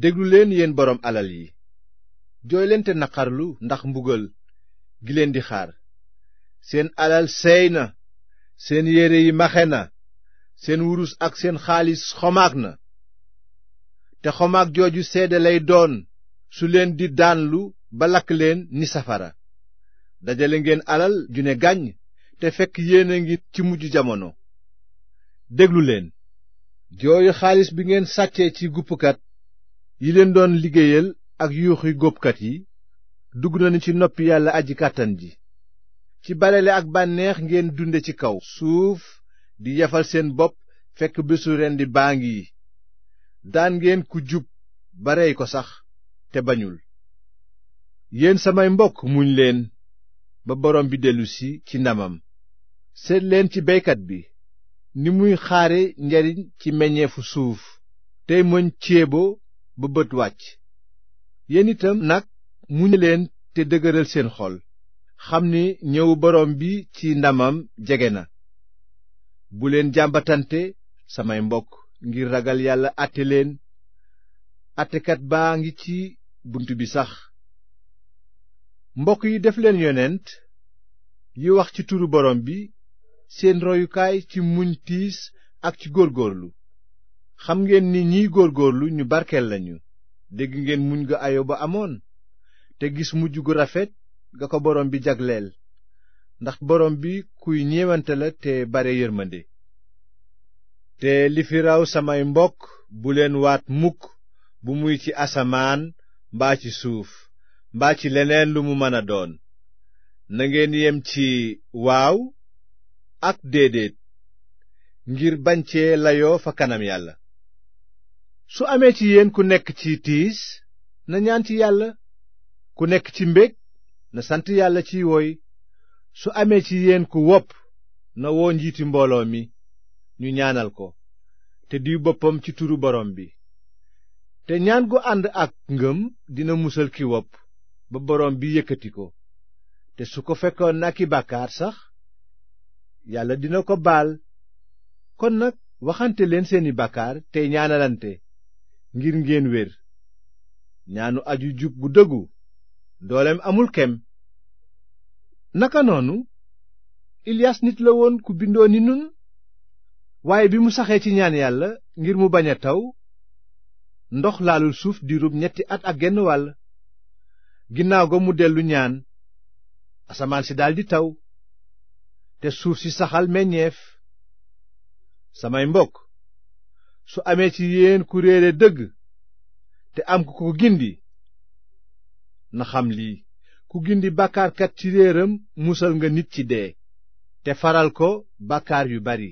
dégluleen yéen boroom alal yi jooy te naqarlu ndax mbugal gi leen di xaar seen alal seey na seen yére yi maxe na seen wurus ak seen xaalis xomaag na te xomaag jooju seede lay doon su leen di daanlu ba lakk leen ni safara dajale ngeen alal ju ne gàññ te fekk yéen a ngi ci mujj jamono déglu leen jooyu xaalis bi ngeen sàccee ci guppkat yi leen doon liggéeyal ak yuuxu góobkat yi dugg nañu ci noppi yàlla aji kàttan ji ci balele ak bànneex ngeen dunde ci kaw suuf di yafal seen bopp fekk bésu rendi baa ngi daan ngeen ku jub ba rey ko sax te bañul yéen samay mbokk muñ leen ba boroom bi dellusi ci ndamam seet leen ci baykat bi ni muy xaare njariñ ci meññeefu suuf tey mën ceebo ba bët wàcc yéen itam nag muñu leen te dëgëral seen xol xam ni ñëwu boroom bi ci ndamam jege na buleen leen jàmbatante samay mbokk ngir ragal yàlla àtte leen àttekat baa ngi ci bunt bi sax mbokk yi def leen yonent yi wax ci turu borom bi seen royukaay ci muñ tiis ak ci góorgóorlu xam ngeen ni ñii góor góorlu ñu barkeel lañu dégg ngeen muñ ga ba amoon te gis mujj gu rafet nga ko borom bi jagleel ndax borom bi kuy ñeewante la te bare yërmande te li fi raw samay mbokk bu leen waat mukk bu muy ci asamaan mbaa ci suuf mbaa ci leneen lu mu mën a doon na ngeen yem ci waaw ak déedéet ngir bañ cee layoo fa kanam yàlla su amee ci yéen ku nekk ci tiis na ñaan ci yàlla ku nekk ci mbég na sant yàlla ci woy su amee ci yéen ku wopp na woo njiiti mbooloo mi ñu ñaanal ko te diw boppam ci turu borom bi te ñaan gu ànd ak ngëm dina musal ki wopp ba borom bi yëkkati ko te su ko fekkoon na i bàkkaar sax yàlla dina ko baal kon nag waxante leen seeni bàkkaar tey ñaanalante ngir ngeen wér ñaanu aju jub bu dëggu dooleem amul kem naka noonu Ilias nit la woon ku bindoo ni nun waaye bi mu saxee ci ñaan yàlla ngir mu bañ a taw ndox laalul suuf diirub ñetti at ak genn wàll ginnaaw ga mu dellu ñaan asamaan si daldi taw te suuf si saxal meññeef samay mbokk su amee ci yéen ku réere dëgg te am ku ko gindi na xam lii ku gindi bàkkaarkat ci réeram musal nga nit ci dee te faral ko bàkkaar yu bari